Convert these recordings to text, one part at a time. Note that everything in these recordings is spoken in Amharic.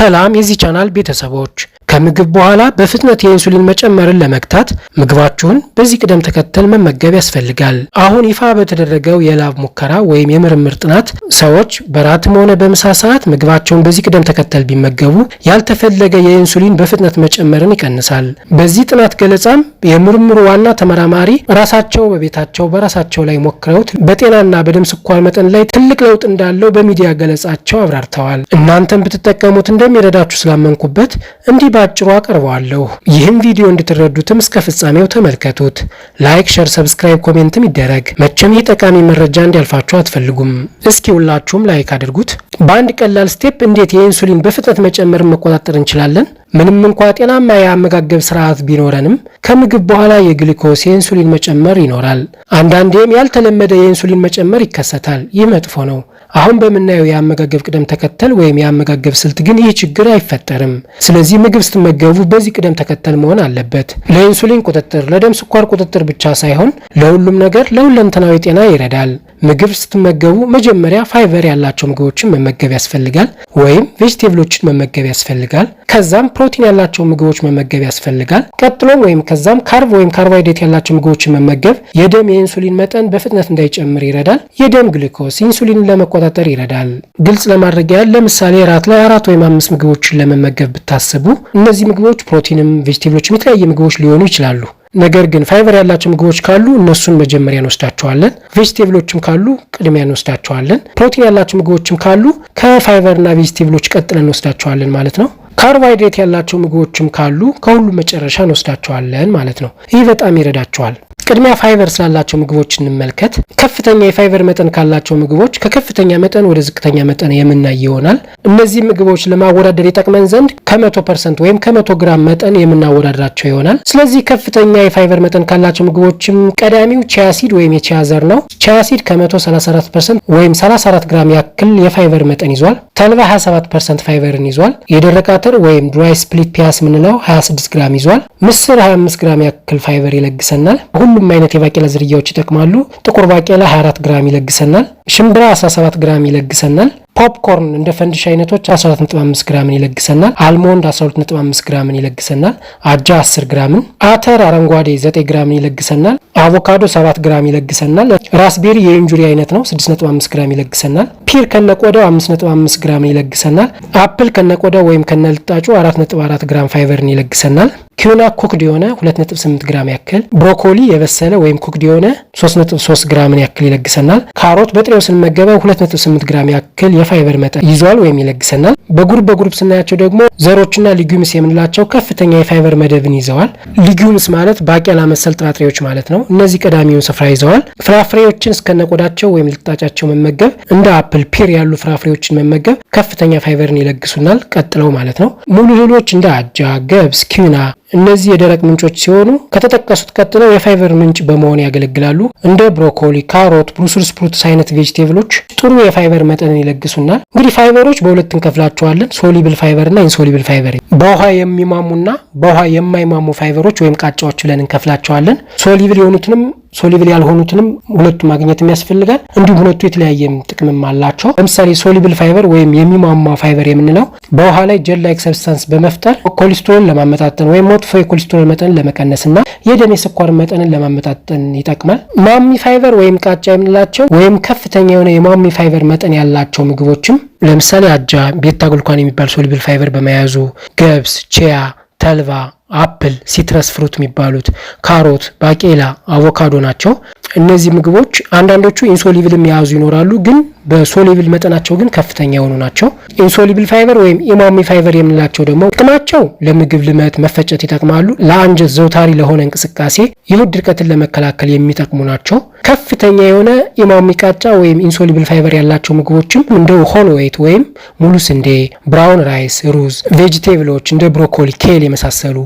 ሰላም የዚህ ቻናል ቤተሰቦች ከምግብ በኋላ በፍጥነት የኢንሱሊን መጨመርን ለመግታት ምግባችሁን በዚህ ቅደም ተከተል መመገብ ያስፈልጋል። አሁን ይፋ በተደረገው የላብ ሙከራ ወይም የምርምር ጥናት ሰዎች በራትም ሆነ በምሳ ሰዓት ምግባቸውን በዚህ ቅደም ተከተል ቢመገቡ ያልተፈለገ የኢንሱሊን በፍጥነት መጨመርን ይቀንሳል። በዚህ ጥናት ገለጻም የምርምሩ ዋና ተመራማሪ ራሳቸው በቤታቸው በራሳቸው ላይ ሞክረውት በጤናና በደም ስኳር መጠን ላይ ትልቅ ለውጥ እንዳለው በሚዲያ ገለጻቸው አብራርተዋል። እናንተም ብትጠቀሙት እንደሚረዳችሁ ስላመንኩበት እንዲህ በአጭሩ አቀርበዋለሁ። ይህን ቪዲዮ እንድትረዱትም እስከ ፍጻሜው ተመልከቱት። ላይክ፣ ሸር፣ ሰብስክራይብ፣ ኮሜንትም ይደረግ። መቼም ይህ ጠቃሚ መረጃ እንዲያልፋችሁ አትፈልጉም። እስኪ ሁላችሁም ላይክ አድርጉት። በአንድ ቀላል ስቴፕ እንዴት የኢንሱሊን በፍጥነት መጨመር መቆጣጠር እንችላለን? ምንም እንኳ ጤናማ የአመጋገብ ስርዓት ቢኖረንም ከምግብ በኋላ የግሊኮስ የኢንሱሊን መጨመር ይኖራል። አንዳንዴም ያልተለመደ የኢንሱሊን መጨመር ይከሰታል። ይህ መጥፎ ነው። አሁን በምናየው የአመጋገብ ቅደም ተከተል ወይም የአመጋገብ ስልት ግን ይህ ችግር አይፈጠርም። ስለዚህ ምግብ ስትመገቡ በዚህ ቅደም ተከተል መሆን አለበት። ለኢንሱሊን ቁጥጥር፣ ለደም ስኳር ቁጥጥር ብቻ ሳይሆን ለሁሉም ነገር ለሁለንተናዊ ጤና ይረዳል። ምግብ ስትመገቡ መጀመሪያ ፋይበር ያላቸው ምግቦችን መመገብ ያስፈልጋል፣ ወይም ቬጅቴብሎችን መመገብ ያስፈልጋል። ከዛም ፕሮቲን ያላቸው ምግቦች መመገብ ያስፈልጋል። ቀጥሎም ወይም ከዛም ካርብ ወይም ካርቦሃይድሬት ያላቸው ምግቦችን መመገብ የደም የኢንሱሊን መጠን በፍጥነት እንዳይጨምር ይረዳል። የደም ግሊኮስ ኢንሱሊንን ለመቆ ለመቆጣጠር ይረዳል። ግልጽ ለማድረግ ያህል ለምሳሌ ራት ላይ አራት ወይም አምስት ምግቦችን ለመመገብ ብታስቡ እነዚህ ምግቦች ፕሮቲንም፣ ቬጅቴብሎችም የተለያየ ምግቦች ሊሆኑ ይችላሉ። ነገር ግን ፋይበር ያላቸው ምግቦች ካሉ እነሱን መጀመሪያ እንወስዳቸዋለን። ቬጅቴብሎችም ካሉ ቅድሚያ እንወስዳቸዋለን። ፕሮቲን ያላቸው ምግቦችም ካሉ ከፋይበርና ቬጅቴብሎች ቀጥለን እንወስዳቸዋለን ማለት ነው። ካርቦሃይድሬት ያላቸው ምግቦችም ካሉ ከሁሉም መጨረሻ እንወስዳቸዋለን ማለት ነው። ይህ በጣም ይረዳቸዋል። ቅድሚያ ፋይበር ስላላቸው ምግቦች እንመልከት። ከፍተኛ የፋይበር መጠን ካላቸው ምግቦች ከከፍተኛ መጠን ወደ ዝቅተኛ መጠን የምናይ ይሆናል። እነዚህ ምግቦች ለማወዳደር ይጠቅመን ዘንድ ከመቶ ፐርሰንት ወይም ከመቶ ግራም መጠን የምናወዳድራቸው ይሆናል። ስለዚህ ከፍተኛ የፋይበር መጠን ካላቸው ምግቦችም ቀዳሚው ቺያሲድ ወይም የቺያ ዘር ነው። ቺያሲድ ከመቶ 34 ፐርሰንት ወይም 34 ግራም ያክል የፋይበር መጠን ይዟል። ተልባ 27 ፐርሰንት ፋይበርን ይዟል። የደረቀ አተር ወይም ድራይ ስፕሊት ፒያስ የምንለው 26 ግራም ይዟል። ምስር 25 ግራም ያክል ፋይበር ይለግሰናል። ሁሉም ሁሉም አይነት የባቄላ ዝርያዎች ይጠቅማሉ። ጥቁር ባቄላ 24 ግራም ይለግሰናል። ሽምብራ 17 ግራም ይለግሰናል። ፖፕኮርን እንደ ፈንድሽ አይነቶች 125 ግራምን ይለግሰናል። አልሞንድ 125 ግራምን ይለግሰናል። አጃ 10 ግራምን፣ አተር አረንጓዴ 9 ግራምን ይለግሰናል። አቮካዶ 7 ግራም ይለግሰናል። ራስቤሪ የኢንጁሪ አይነት ነው፣ 6.5 ግራም ይለግሰናል። ፒር ከነቆዳው 5.5 ግራምን ይለግሰናል። አፕል ከነቆዳው ወይም ከነልጣጩ 4.4 ግራም ፋይቨርን ይለግሰናል። ኪዩና ኩክድ የሆነ 2.8 ግራም ያክል፣ ብሮኮሊ የበሰለ ወይም ኩክድ የሆነ 3.3 ግራምን ያክል ይለግሰናል። ካሮት በጥሬው ስንመገበው 2.8 ግራም ያክል የ የፋይበር መጠን ይዘዋል ወይም ይለግሰናል። በግሩፕ በጉርብ ስናያቸው ደግሞ ዘሮችና ሊጊዩምስ የምንላቸው ከፍተኛ የፋይበር መደብን ይዘዋል። ሊጊዩምስ ማለት ባቄላ መሰል ጥራጥሬዎች ማለት ነው። እነዚህ ቀዳሚውን ስፍራ ይዘዋል። ፍራፍሬዎችን እስከነቆዳቸው ወይም ልጣጫቸው መመገብ፣ እንደ አፕል፣ ፒር ያሉ ፍራፍሬዎችን መመገብ ከፍተኛ ፋይበርን ይለግሱናል። ቀጥለው ማለት ነው ሙሉ እህሎች እንደ አጃ፣ ገብስ፣ ኪና እነዚህ የደረቅ ምንጮች ሲሆኑ ከተጠቀሱት ቀጥለው የፋይበር ምንጭ በመሆን ያገለግላሉ። እንደ ብሮኮሊ፣ ካሮት፣ ብሩስል ስፕሩትስ አይነት ቬጅቴብሎች ጥሩ የፋይበር መጠንን ይለግሱ እና እንግዲህ ፋይበሮች በሁለት እንከፍላቸዋለን፣ ሶሊብል ፋይበር እና ኢንሶሊብል ፋይበር። በውሃ የሚማሙና በውሃ የማይማሙ ፋይበሮች ወይም ቃጫዎች ብለን እንከፍላቸዋለን። ሶሊብል የሆኑትንም ሶሊብል ያልሆኑትንም ሁለቱ ማግኘትም ያስፈልጋል። እንዲሁም ሁለቱ የተለያየም ጥቅምም አላቸው። ለምሳሌ ሶሊብል ፋይበር ወይም የሚሟሟ ፋይበር የምንለው በውሃ ላይ ጀል ላይክ ሰብስታንስ በመፍጠር ኮሌስትሮል ለማመጣጠን ወይም መጥፎ የኮሌስትሮል መጠን ለመቀነስና የደም የስኳር መጠንን ለማመጣጠን ይጠቅማል። ማሚ ፋይበር ወይም ቃጫ የምንላቸው ወይም ከፍተኛ የሆነ የማሚ ፋይበር መጠን ያላቸው ምግቦችም ለምሳሌ አጃ ቤታ ጉልኳን የሚባል ሶሊብል ፋይበር በመያዙ ገብስ፣ ቺያ፣ ተልባ አፕል፣ ሲትረስ ፍሩት የሚባሉት ካሮት፣ ባቄላ፣ አቮካዶ ናቸው። እነዚህ ምግቦች አንዳንዶቹ ኢንሶሊብል የያዙ ይኖራሉ፣ ግን በሶሊብል መጠናቸው ግን ከፍተኛ የሆኑ ናቸው። ኢንሶሊብል ፋይበር ወይም ኢማሚ ፋይበር የምንላቸው ደግሞ ጥቅማቸው ለምግብ ልመት መፈጨት ይጠቅማሉ። ለአንጀት ዘውታሪ ለሆነ እንቅስቃሴ የሆድ ድርቀትን ለመከላከል የሚጠቅሙ ናቸው። ከፍተኛ የሆነ ኢማሚ ቃጫ ወይም ኢንሶሊብል ፋይበር ያላቸው ምግቦችም እንደ ወይት ወይም ሙሉ ስንዴ፣ ብራውን ራይስ፣ ሩዝ፣ ቬጅቴብሎች እንደ ብሮኮሊ፣ ኬል የመሳሰሉ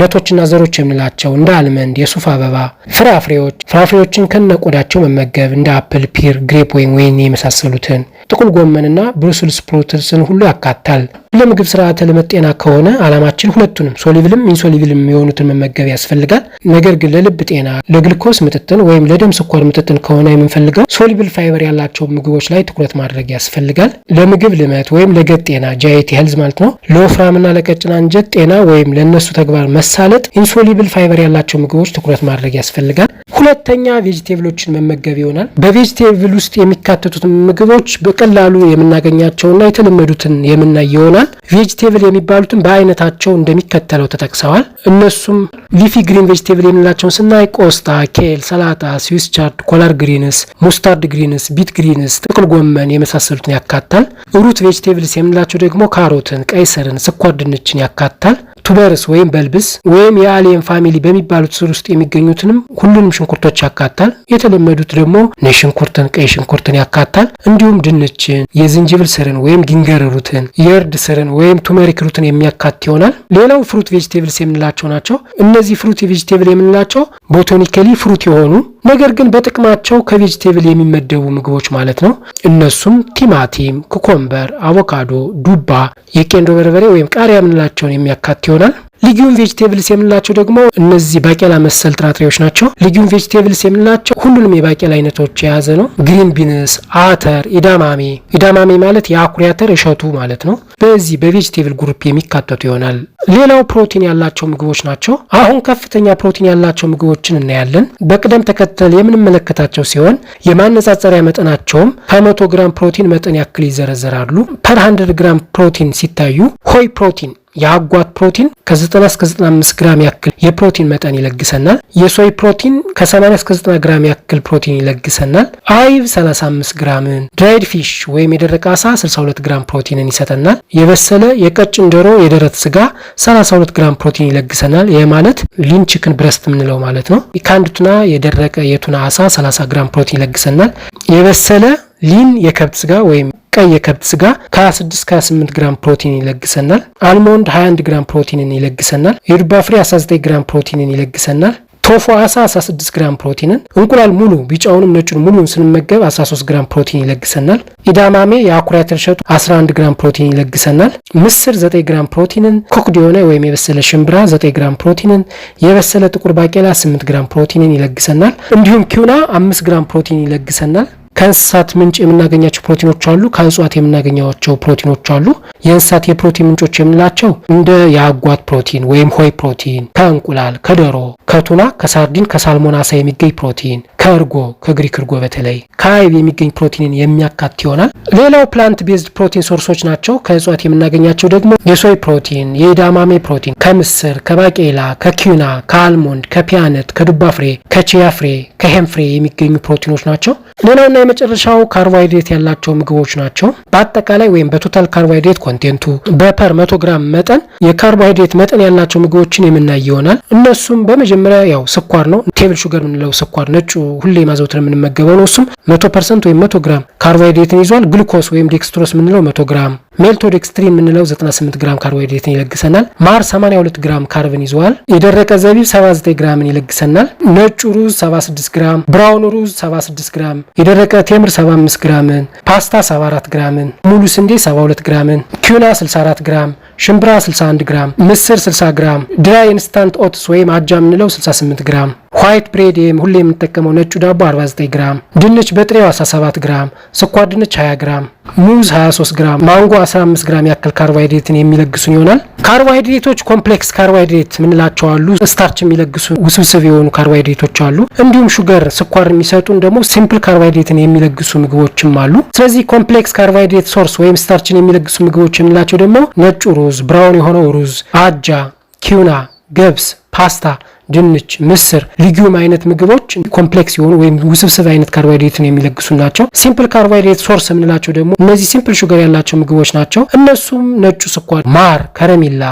ነቶችና ዘሮች የምንላቸው እንደ አልመንድ፣ የሱፍ አበባ፣ ፍራፍሬዎች ፍራፍሬዎችን ከነቆዳቸው መመገብ እንደ አፕል፣ ፒር፣ ግሬፕ ወይም ወይን የመሳሰሉትን ጥቁል ጎመንና ብሩስል ስፕሮትስን ሁሉ ያካታል። ለምግብ ስርዓተ ለመጤና ከሆነ አላማችን ሁለቱንም ሶሊብልም ኢንሶሊብልም የሆኑትን መመገብ ያስፈልጋል። ነገር ግን ለልብ ጤና ለግልኮስ ምጥጥን ወይም ለደም ስኳር ምጥጥን ከሆነ የምንፈልገው ሶሊብል ፋይበር ያላቸው ምግቦች ላይ ትኩረት ማድረግ ያስፈልጋል። ለምግብ ልመት ወይም ለገጥ ጤና ጃየት ሄልዝ ማለት ነው። ለወፍራምና ለቀጭን አንጀት ጤና ወይም ለእነሱ ተግባር መሳለጥ ኢንሶሊብል ፋይበር ያላቸው ምግቦች ትኩረት ማድረግ ያስፈልጋል። ሁለተኛ ቬጅቴብሎችን መመገብ ይሆናል። በቬጅቴብል ውስጥ የሚካተቱትን ምግቦች በቀላሉ የምናገኛቸውና የተለመዱትን የምናይ ይሆናል። ተጠቅሰዋል። ቬጅቴብል የሚባሉትን በአይነታቸው እንደሚከተለው ተጠቅሰዋል። እነሱም ሊፊ ግሪን ቬጅቴብል የምንላቸውን ስናይ ቆስጣ፣ ኬል፣ ሰላጣ፣ ስዊስ ቻርድ፣ ኮላር ግሪንስ፣ ሙስታርድ ግሪንስ፣ ቢት ግሪንስ፣ ጥቅል ጎመን የመሳሰሉትን ያካታል። ሩት ቬጅቴብልስ የምንላቸው ደግሞ ካሮትን፣ ቀይ ስርን፣ ስኳር ድንችን ያካታል። ቱበርስ ወይም በልብስ ወይም የአሊየም ፋሚሊ በሚባሉት ስር ውስጥ የሚገኙትንም ሁሉንም ሽንኩርቶች ያካታል። የተለመዱት ደግሞ ነጭ ሽንኩርትን፣ ቀይ ሽንኩርትን ያካታል። እንዲሁም ድንችን፣ የዝንጅብል ስርን ወይም ጊንገር ሩትን፣ የእርድ ስርን ወይም ቱመሪክ ሩትን የሚያካት ይሆናል። ሌላው ፍሩት ቬጅቴብልስ የምንላቸው ናቸው። እነዚህ ፍሩት ቬጅቴብል የምንላቸው ቦቶኒካሊ ፍሩት የሆኑ ነገር ግን በጥቅማቸው ከቬጅቴብል የሚመደቡ ምግቦች ማለት ነው። እነሱም ቲማቲም፣ ኩኮምበር፣ አቮካዶ፣ ዱባ፣ የቄንዶ በርበሬ ወይም ቃሪያ የምንላቸውን የሚያካት ይሆናል። ሊጊዩም ቬጅቴብልስ የምንላቸው ደግሞ እነዚህ ባቄላ መሰል ጥራጥሬዎች ናቸው። ሊጊዩም ቬጅቴብልስ የምንላቸው ሁሉንም የባቄላ አይነቶች የያዘ ነው። ግሪን ቢንስ፣ አተር፣ ኢዳማሜ ኢዳማሜ ማለት የአኩሪ አተር እሸቱ ማለት ነው። በዚህ በቬጅቴብል ግሩፕ የሚካተቱ ይሆናል። ሌላው ፕሮቲን ያላቸው ምግቦች ናቸው። አሁን ከፍተኛ ፕሮቲን ያላቸው ምግቦችን እናያለን። በቅደም ተከተል የምንመለከታቸው ሲሆን የማነጻጸሪያ መጠናቸውም ከመቶ ግራም ፕሮቲን መጠን ያክል ይዘረዘራሉ። ፐር 100 ግራም ፕሮቲን ሲታዩ ሆይ ፕሮቲን የአጓት ፕሮቲን ከ90 እስከ 95 ግራም ያክል የፕሮቲን መጠን ይለግሰናል። የሶይ ፕሮቲን ከ80 እስከ 90 ግራም ያክል ፕሮቲን ይለግሰናል። አይብ 35 ግራምን፣ ድራይድ ፊሽ ወይም የደረቀ አሳ 62 ግራም ፕሮቲንን ይሰጠናል። የበሰለ የቀጭን ዶሮ የደረት ስጋ 32 ግራም ፕሮቲን ይለግሰናል። ይህ ማለት ሊን ብረስት የምንለው ማለት ነው። ከአንድ ቱና የደረቀ የቱና አሳ 30 ግራም ፕሮቲን ይለግሰናል። የበሰለ ሊን የከብት ስጋ ወይም ቀይ የከብት ስጋ ከ26 28 ግራም ፕሮቲን ይለግሰናል። አልሞንድ 21 ግራም ፕሮቲንን ይለግሰናል። የዱባ ፍሬ 19 ግራም ፕሮቲንን ይለግሰናል። ቶፎ አሳ 16 ግራም ፕሮቲንን፣ እንቁላል ሙሉ ቢጫውንም ነጩን ሙሉን ስንመገብ 13 ግራም ፕሮቲን ይለግሰናል። ኢዳማሜ የአኩሪ አተር እሸቱ 11 ግራም ፕሮቲን ይለግሰናል። ምስር 9 ግራም ፕሮቲንን፣ ኮክድ የሆነ ወይም የበሰለ ሽምብራ 9 ግራም ፕሮቲንን፣ የበሰለ ጥቁር ባቄላ 8 ግራም ፕሮቲንን ይለግሰናል። እንዲሁም ኪውና 5 ግራም ፕሮቲን ይለግሰናል። ከእንስሳት ምንጭ የምናገኛቸው ፕሮቲኖች አሉ፣ ከእጽዋት የምናገኛቸው ፕሮቲኖች አሉ። የእንስሳት የፕሮቲን ምንጮች የምንላቸው እንደ የአጓት ፕሮቲን ወይም ሆይ ፕሮቲን ከእንቁላል፣ ከዶሮ፣ ከቱና ከሳርዲን ከሳልሞን አሳ የሚገኝ ፕሮቲን፣ ከእርጎ ከግሪክ እርጎ በተለይ ከአይብ የሚገኝ ፕሮቲንን የሚያካት ይሆናል። ሌላው ፕላንት ቤዝድ ፕሮቲን ሶርሶች ናቸው። ከእጽዋት የምናገኛቸው ደግሞ የሶይ ፕሮቲን፣ የኢዳማሜ ፕሮቲን ከምስር፣ ከባቄላ፣ ከኪዩና፣ ከአልሞንድ፣ ከፒያነት፣ ከዱባ ፍሬ፣ ከቺያ ፍሬ፣ ከሄም ፍሬ የሚገኙ ፕሮቲኖች ናቸው። ሌላውና የመጨረሻው ካርቦሃይድሬት ያላቸው ምግቦች ናቸው። በአጠቃላይ ወይም በቶታል ካርቦሃይድሬት ኮንቴንቱ በፐር መቶ ግራም መጠን የካርቦሃይድሬት መጠን ያላቸው ምግቦችን የምናይ ይሆናል። እነሱም በመጀመ የመጀመሪያ ያው ስኳር ነው፣ ቴብል ሹገር የምንለው ስኳር ነጩ ሁሌ ማዘውትር የምንመገበው ነው። እሱም መቶ ፐርሰንት ወይም መቶ ግራም ካርቦሃይድሬትን ይዟል። ግሉኮስ ወይም ዴክስትሮስ የምንለው መቶ ግራም፣ ሜልቶዴክስትሪን የምንለው 98 ግራም ካርቦሃይድሬትን ይለግሰናል። ማር 82 ግራም ካርብን ይዘዋል። የደረቀ ዘቢብ 79 ግራምን ይለግሰናል። ነጩ ሩዝ 76 ግራም፣ ብራውን ሩዝ 76 ግራም፣ የደረቀ ቴምር 75 ግራምን፣ ፓስታ 74 ግራምን፣ ሙሉ ስንዴ 72 ግራምን፣ ኪዩና 64 ግራም ሽምብራ 61 ግራም፣ ምስር 60 ግራም፣ ድራይ ኢንስታንት ኦትስ ወይም አጃ የምንለው 68 ግራም ዋይት ብሬድ ሁሌ የምንጠቀመው ነጩ ዳቦ 49 ግራም፣ ድንች በጥሬው 17 ግራም፣ ስኳር ድንች 20 ግራም፣ ሙዝ 23 ግራም፣ ማንጎ 15 ግራም ያክል ካርቦሃይድሬትን የሚለግሱን ይሆናል። ካርቦሃይድሬቶች ኮምፕሌክስ ካርቦሃይድሬት ምንላቸው አሉ። ስታርች የሚለግሱ ውስብስብ የሆኑ ካርቦሃይድሬቶች አሉ። እንዲሁም ሹገር፣ ስኳር የሚሰጡን ደግሞ ሲምፕል ካርቦሃይድሬትን የሚለግሱ ምግቦችም አሉ። ስለዚህ ኮምፕሌክስ ካርቦሃይድሬት ሶርስ ወይም ስታርችን የሚለግሱ ምግቦች የምንላቸው ደግሞ ነጩ ሩዝ፣ ብራውን የሆነው ሩዝ፣ አጃ፣ ኪውና፣ ገብስ፣ ፓስታ ድንች፣ ምስር፣ ሊጊዩም አይነት ምግቦች ኮምፕሌክስ የሆኑ ወይም ውስብስብ አይነት ካርቦሃይድሬትን የሚለግሱ ናቸው። ሲምፕል ካርቦሃይድሬት ሶርስ የምንላቸው ደግሞ እነዚህ ሲምፕል ሹገር ያላቸው ምግቦች ናቸው። እነሱም ነጩ ስኳር፣ ማር፣ ከረሜላ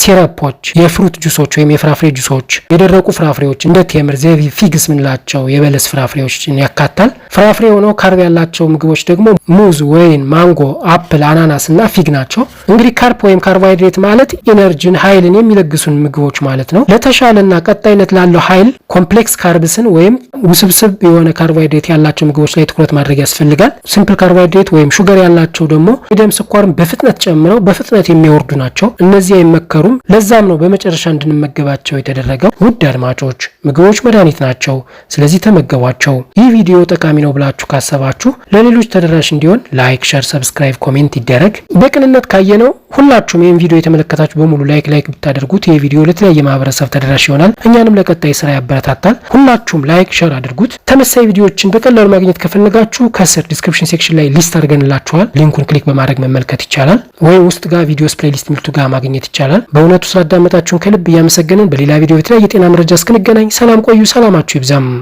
ሲረፖች፣ የፍሩት ጁሶች ወይም የፍራፍሬ ጁሶች፣ የደረቁ ፍራፍሬዎች እንደ ቴምር፣ ዘቪ፣ ፊግስ ምንላቸው የበለስ ፍራፍሬዎችን ያካታል። ፍራፍሬ ሆነው ካርብ ያላቸው ምግቦች ደግሞ ሙዝ፣ ወይን፣ ማንጎ፣ አፕል፣ አናናስ እና ፊግ ናቸው። እንግዲህ ካርፕ ወይም ካርቦሃይድሬት ማለት ኢነርጂን፣ ኃይልን የሚለግሱን ምግቦች ማለት ነው። ለተሻለና ቀጣይነት ላለው ኃይል ኮምፕሌክስ ካርብስን ወይም ውስብስብ የሆነ ካርቦሃይድሬት ያላቸው ምግቦች ላይ ትኩረት ማድረግ ያስፈልጋል። ሲምፕል ካርቦሃይድሬት ወይም ሹገር ያላቸው ደግሞ የደም ስኳርን በፍጥነት ጨምረው በፍጥነት የሚያወርዱ ናቸው። እነዚያ የመከሩ አይሰሩም። ለዛም ነው በመጨረሻ እንድንመገባቸው የተደረገው። ውድ አድማጮች ምግቦች መድኃኒት ናቸው። ስለዚህ ተመገቧቸው። ይህ ቪዲዮ ጠቃሚ ነው ብላችሁ ካሰባችሁ ለሌሎች ተደራሽ እንዲሆን ላይክ፣ ሸር፣ ሰብስክራይብ፣ ኮሜንት ይደረግ። በቅንነት ካየነው ሁላችሁም ይህን ቪዲዮ የተመለከታችሁ በሙሉ ላይክ ላይክ ብታደርጉት ይህ ቪዲዮ ለተለያየ ማህበረሰብ ተደራሽ ይሆናል፣ እኛንም ለቀጣይ ስራ ያበረታታል። ሁላችሁም ላይክ ሸር አድርጉት። ተመሳሳይ ቪዲዮዎችን በቀላሉ ማግኘት ከፈለጋችሁ ከስር ዲስክሪፕሽን ሴክሽን ላይ ሊስት አድርገንላችኋል። ሊንኩን ክሊክ በማድረግ መመልከት ይቻላል፣ ወይም ውስጥ ጋር ቪዲዮስ ፕሌሊስት ሚልቱ ጋር ማግኘት ይቻላል። በእውነቱ ስላዳመጣችሁን ከልብ እያመሰገንን በሌላ ቪዲዮ የተለያየ የጤና መረጃ እስክንገናኝ ሰላም ቆዩ። ሰላማችሁ ይብዛም።